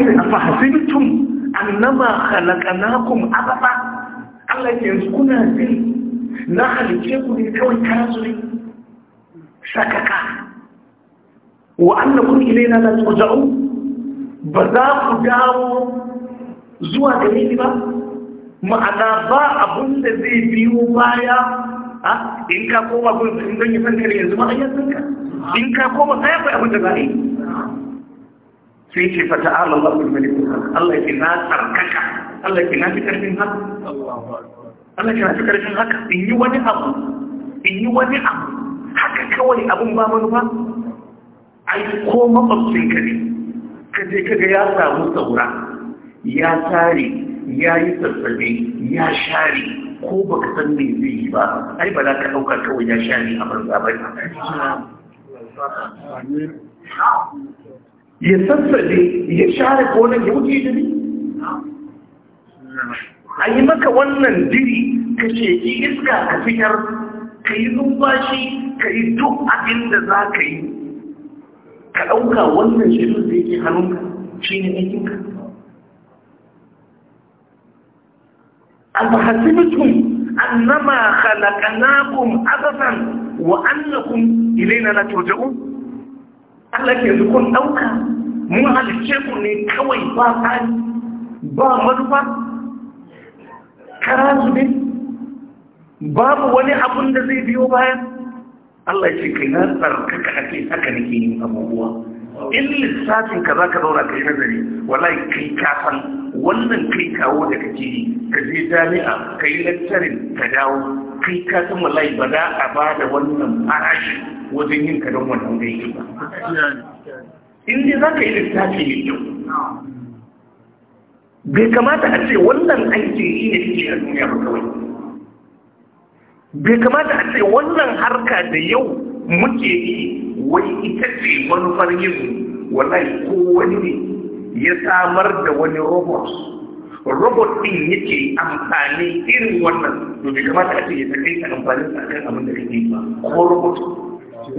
ne a fahasibtum annama khalaqnakum abada Allah ke yanzu kuna jin na halice ku ne kawai tasiri sakaka wa annakum ilayna la turja'un ba za ku dawo zuwa gare ni ba ma'ana ba abun da zai biyo baya in ka koma gudun in yi san kare yanzu ma an ka in ka koma sai akwai abin da za a yi sai ce fata ala Allah bin malik Allah ke na tsarkaka Allah ke na fi karfin haka Allah ke na fi karfin haka in yi wani abu in yi wani abu haka kawai abun ba manufa ai ko makwabcin ka ne ka je ka ga ya samu saura ya tare ya yi sassabe ya share ko ba ka san me zai yi ba ai ba za ka ɗauka kawai ya share a banza ba ne ya sassaje ya share gonan ya wuce jini a yi maka wannan diri ka sheki iska ka fitar ka yi numfashi ka yi duk abin da za ka yi ka ɗauka wannan shirin da yake hannunka shi ne aikinka albahasimitun annama khalaqnakum abasan wa annakum ilayna na turja'un Allah ke kun ɗauka. mun halice ku ne kawai ba tsari ba manufa kara ne babu wani abun da zai biyo bayan Allah ce kai na tsarkaka ake haka nake yin abubuwa in lissafin ka za ka zauna kai nazari wallahi kai ka san wannan kai kawo daga jini ka je jami'a ka yi ka dawo kai ka san wallahi ba za a ba da wannan farashi wajen yin ka don wannan gaiki ba in za ka yi littafi mai kyau bai kamata a ce wannan aiki yi ne ke a duniya ba kawai bai kamata a ce wannan harka da yau muke yi wai ita ce manufar yin wallahi ko wani ne ya samar da wani robot robot din yake amfani irin wannan to bai kamata a ce ya kai ta amfani sa kan abin da kake ba ko robot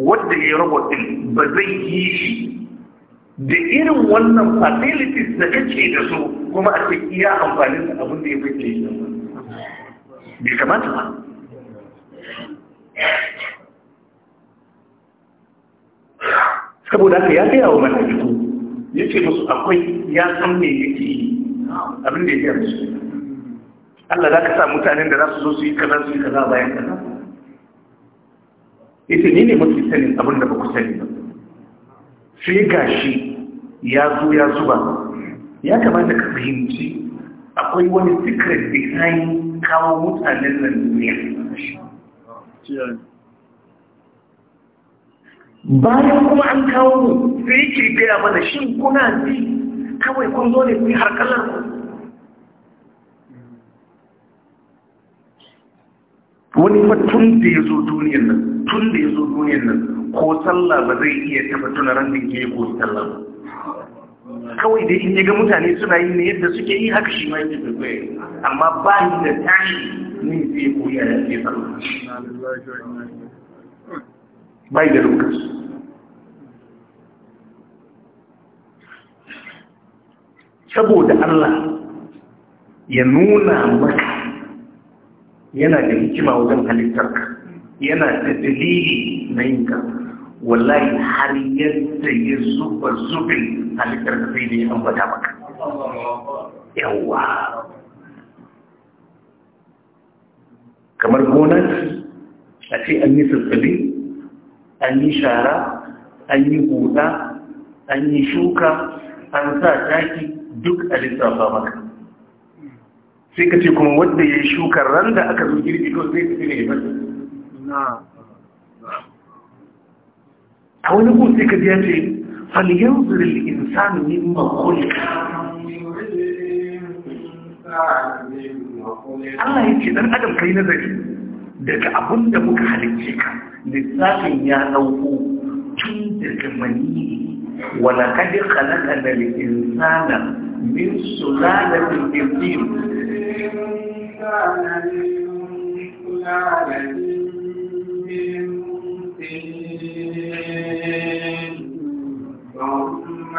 wanda ya yi robot din ba zai yi shi da irin wannan facilities da kake da su kuma a ce iya amfanin da abin da ya fi shi bai kamata ba saboda haka ya gaya wa mala'iku ya ce musu akwai ya san me yake yi abin da ya gaya su. Allah za ka sa mutanen da za su zo su yi kaza su yi kaza bayan kaza ya ce ni ne mafi sanin abin da ba ku sani ba sai gashi ya zo ya zuba ya kamata ka fahimci akwai wani secret behind kawo mutanen nan duniya bayan kuma an kawo mu sai yake gaya mana shin kuna ji kawai kun zo ne kuyi harkalar ku wani fa tun da ya zo duniyar nan tun da ya zo nan ko sallah ba zai iya taba tunaran da ke ko sallah ba kawai dai in ga mutane suna yi ne yadda suke yi haka shi ma yake kwaikwayo amma ba ni da tashi ne zai koyi a yanzu sallah bai da lokaci saboda Allah ya nuna maka yana da hikima wajen halittarka yana da dalili na yin karfa wallahi har yadda ya zuba zubin halittar da sai da ya ambata maka yawa kamar gonar a ce an yi sassabe an yi shara an yi huda an yi shuka an sa taki duk a lissafa maka sai ka ce kuma wanda ya yi shukar ran da aka zo girbi kawai zai tafi ne ya fasa a wani gun sai ka biya ce falyanzur al-insanu mimma khuliqa Allah ya ce dan adam kai nazari daga abun da muka halicce ka lissafin ya dauko tun daga mani wala kad khalaqa al-insana min sulalatin min tin min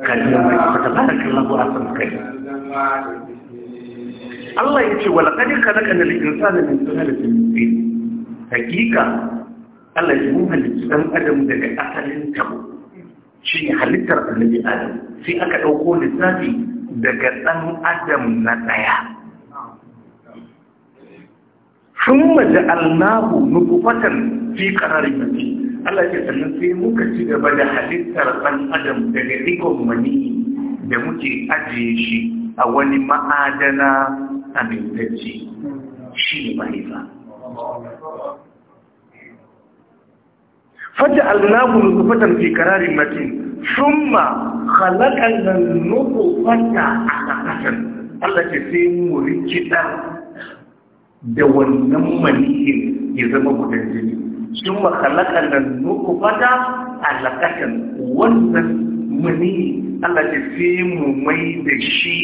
mai ta Allah ya ce wa laƙari ka daga na likinsa da mintun halittun ne, hakika Allah ya mun halittu ɗan adam daga asalin tabo shi halittar annabi adam sai aka ɗauko lissafi daga ɗan adam na ɗaya. Sun maja'al nahu nufufatan fi ƙararri mace. Allah ce sannan sai muka ci gaba da halittar ɗan adam daga rikon mani da muke ajiye shi a wani ma'adana amintacce shi ne mahaifa. Fata alnahu nufatan fi karari matin, summa halakan nan nufu fata a ƙasar. Allah ce sai mu kiɗa da wannan manihin ya zama gudan jini. sun makalakan da nuku fata alakatan wannan muni Allah ta fi mu mai da shi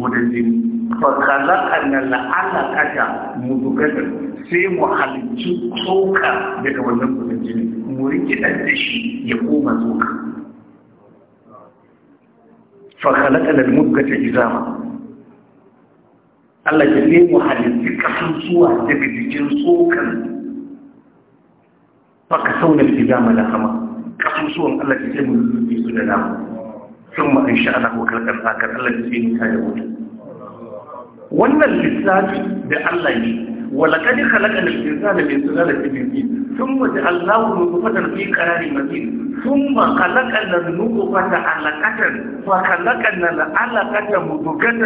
guda jini fakalakar na la'alakata mutukatar sai mu halittu tsoka daga wannan guda muri mu rike da shi ya koma tsoka fakalakar da mutukata izama Allah ta fi mu halittu kasusuwa daga jikin tsokan baka sauna al-izama lahama kasusuwan Allah ke mu zuci su da nama sun ma insha ko kalkan akar Allah ke ce mu ta da wuta wannan lissafi da Allah ne ولقد خلقنا الإنسان من سلالة من طين ثم جعلناه نطفة في قرار مكين ثم خلقنا النطفة علقة فخلقنا العلقة مضغة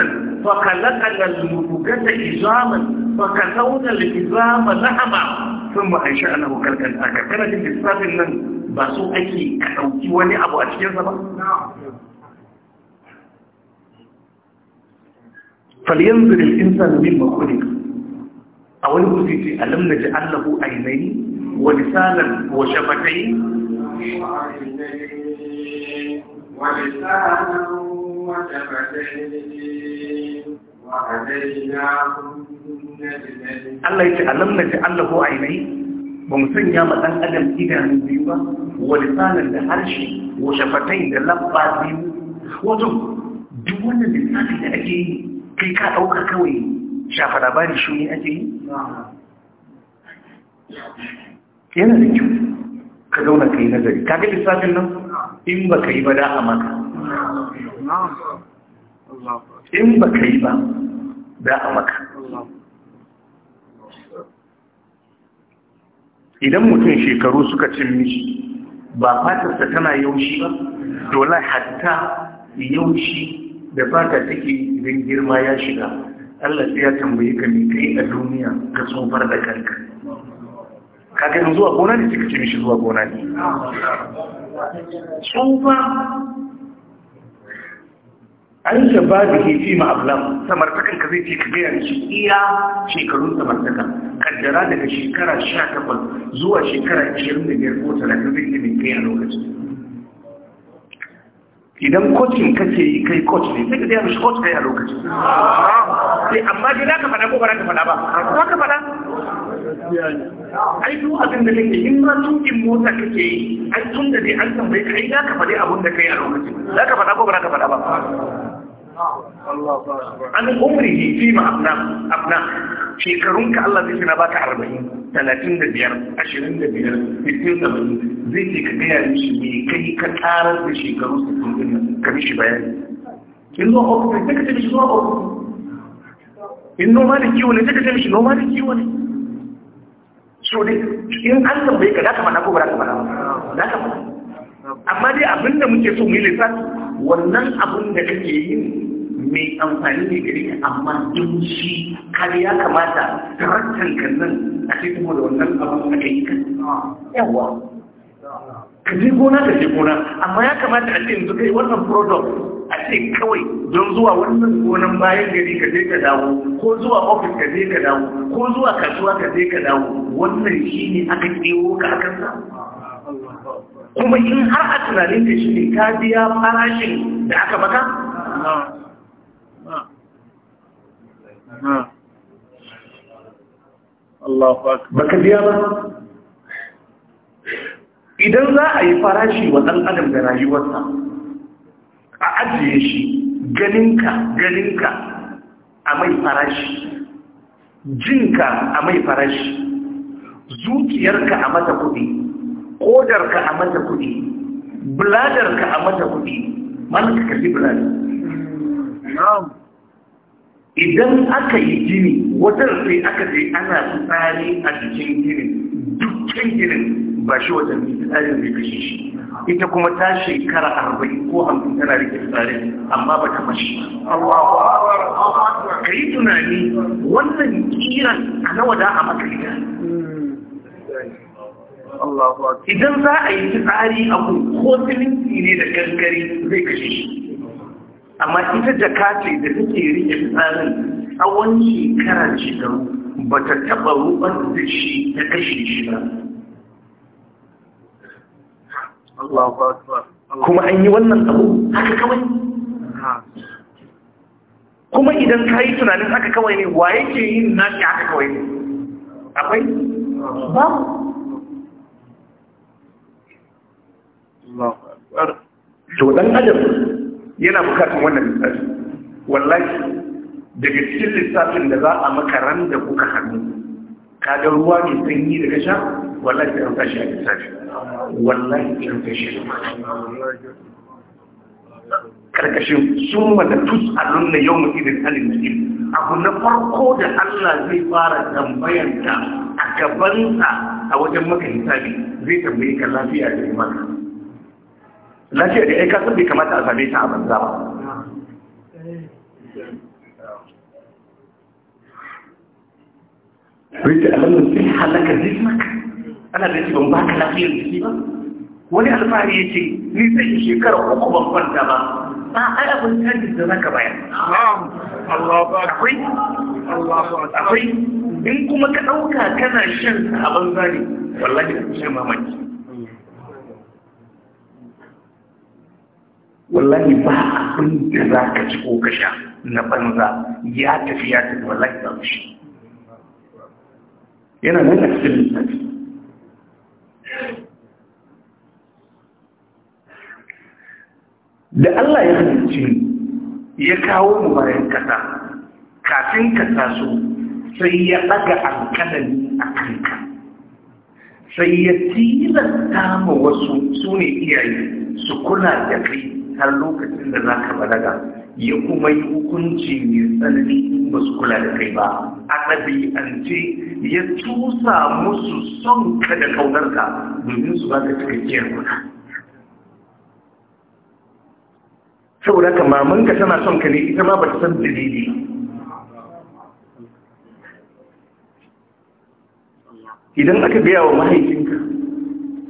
فخلقنا المضغة عظاما فكسونا العظام lahama. sun ba a an sha'ana hukarkan a kakkanar jin lissafin nan ba so ake ka ɗauki wani abu a cikinsa ba falyanzur al-insan min makulik a wani kusi ce alam na ji allahu ainihi wa lisanan wa shafatai ولسانا وشفتين وهديناهم Allah yake alam na ji Allah ko ainihi ba mu sanya ma dan adam idanu biyu ba wa lisanan da harshe wa shafatai da lamba biyu wato duk wannan lissafi da ake yi kai ka ɗauka kawai shafa labari shi ne ake yi yana da kyau ka zauna ka yi nazari ka ga lissafin nan in ba ka yi ba da a maka in ba ka yi ba da a maka idan mutum shekaru suka cin mishi ba fatarsa tana yaushi ba dole hatta yaushi da fata take idan girma ya shiga Allah sai ya tambaye ka me kai a duniya ka tsofar da kanka kaga yanzu zuwa gona ne suka cin mishi zuwa gona ne tsofa an da ke fi ma'ablam samartakan ka zai ce ka gaya shi iya shekarun samartakan kaddara daga shekara sha takwas zuwa shekara ashirin da biyar ko talatin zai ce kai a lokacin idan kocin ce yi kai koc ne sai ka gaya mishi koc kai a lokacin amma dai za ka fada ko ba ka fada ba za ka fada? ai duk abin da nake in ma tukin mota kake yi ai tun da dai an tambaye ka ai za ka faɗi abin da kai a lokacin za ka fada ko ba ka fada ba an umrihi fi ma abna abna shekarun ka Allah zai na baka 40 35 25 57 zai ce ka gaya shi me kai ka karar da shekaru 60 ka mishi bayani in zo ofis sai ka ce mishi zo ofis in noma kiwo ne ka kiwo ne so dai in an tambaye ka da ka mana ko ba da ka mana da ka mana amma dai abinda muke so mu yi lissafi wannan abin da kake yi mai amfani ne gare ka amma duk shi kare ya kamata rantan ka nan a cikin da wannan abu da kai yawa ka je gona ka je gona amma ya kamata a ce yanzu kai wannan product a ce kawai don zuwa wannan gonan bayan gari ka je ka dawo ko zuwa office ka je ka dawo ko zuwa kasuwa ka je ka dawo wannan shi ne aka kewo ka akan sa kuma in har a tunanin da shi ne ka biya farashin da aka maka biya ba idan za a yi farashi wa ɗan adam da rayuwarsa a ajiye shi ganinka ganinka a mai farashi jinka a mai farashi zuciyarka a mata kuɗi ƙodarka a mata kuɗi bladarka a mata kuɗi malaka kalli bladar idan aka yi gini wajen sai aka je ana tsari a jikin ginin dukkan ginin ba shi wajen tsarin zai kashe shi ita kuma ta shekara arba'in ko hamsin tana rike tsarin amma ba ta mashi ka yi tunani wannan kiran a nawa da a maka ita idan za a yi tsari a ko siminti ne da kankari zai kashe shi amma ita da ce da take rike a tsawon shekara shekaru ba ta taɓa ruɓar da shi ta kashe shi ba kuma an yi wannan abu haka kawai kuma idan ka yi tunanin haka kawai ne wa yake yin nashi haka kawai ne akwai ba to dan adam yana bukatun wannan lissafi wallahi daga cikin lissafin da za a makaran da kuka hannu ka ga ruwa mai sanyi daga sha wallahi sai an tashi a lissafi wallahi sai an tashi a karkashin summa da tus'alun na yau mutum alin jin abu na farko da Allah zai fara tambayanta a gabansa a wajen maka hisabi zai tambaye ka lafiya da imani na ce da aika sun bai kamata a same ta a banza ba rike alamun sai halaka zismak ana da ce ban ba ka lafiyar jiki ba wani alfahari ya ce ni zai shekara uku ban kwanta ba ba a abin canjin da zaka bayan akwai akwai in kuma ka ɗauka kana shan a banza ne wallahi da ce mamaki wallahi ba abin da za ka ci ko ka sha na banza ya tafi ya tafi wallahi ba shi yana nan cikin lissafi da Allah ya halicci ya kawo mu bayan kasa kafin ka taso sai ya ɗaga alkalami a kanka sai ya tilasta ma wasu su ne iyaye su kula da kai har lokacin da za ka balaga ya kuma yi hukunci mai tsanani ba su kula da kai ba a ɗabi'ance ya cusa musu son ka da kaunarka domin su ba cika cikakkiyar kuna saboda ka ka tana son ka ne ita ma ba ta san dalili idan aka biya wa mahaifinka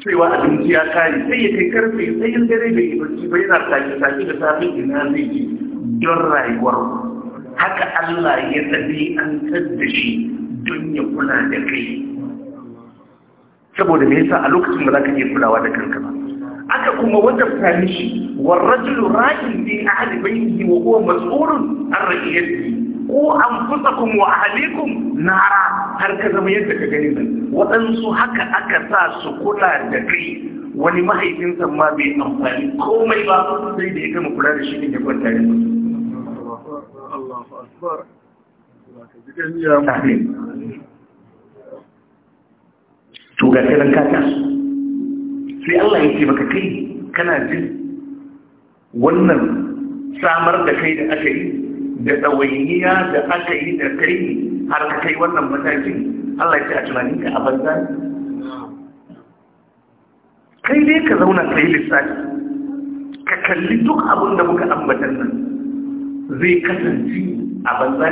cewa abinci ya kare sai ya kai karfe sai yin dare mai barci ba yana tashi sami da sami ina zai ji don rayuwar haka Allah ya tafi an tadda shi don ya kula da kai saboda me yasa a lokacin da zaka ke kulawa da kanka aka kuma wata mishi warrajulu ra'in fi ahli yi wa huwa mas'ulun an yadda. أنفسكم وأهليكم نارا har ka zama yadda ka gani nan waɗansu haka aka sa su kula da kai wani mahaifinsa ma bai amfani komai ba sai da ya gama kula da shi ne ya kwanta ya to ga sai ran kata sai Allah ya ce maka kai kana jin wannan samar da kai da aka yi da ɗawainiya da aka yi da kai har ka kai wannan matakin Allah ya ce a tunanin ka a banza kai dai ka zauna ka yi lissafi ka kalli duk abin da muka ambatan nan zai kasance a banza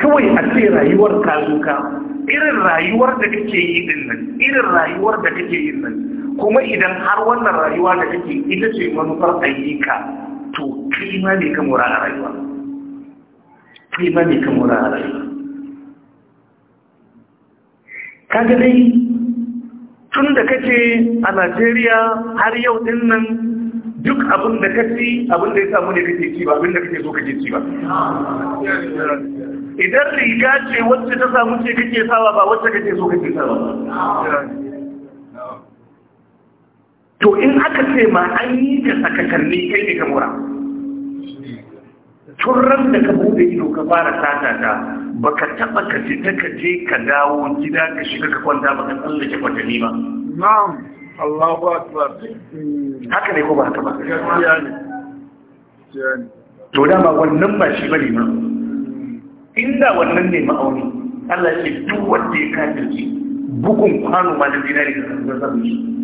kawai a ce rayuwar ka irin rayuwar da kake yi din nan irin rayuwar da kake yi nan kuma idan har wannan rayuwa da kake ita ce manufar ayyuka to kima ne ka mura a rayuwa kima ne ka mura a rayuwa kaga dai tun da kace a Najeriya har yau din nan duk abin da kace abin da ya samu ne kake ci ba abin da kake zo kake ci ba idan riga ce wacce ta samu ce kake sawa ba wacce kake zo kake sawa ba to in aka ce ma an yi ta sakatanni kai ne ka mura turar da ka bude ido ka fara sata ta baka taba ka ce ta ka je ka dawo gida ka shiga ka kwanta ba ka tsallake kwatanni ba na'am Allahu akbar haka ne ko ba haka ba to dama wannan ba shi bane ma inda wannan ne ma'auni Allah ya ce duk wanda ya kafirce bugun kwano ma da dinari ka san zan shi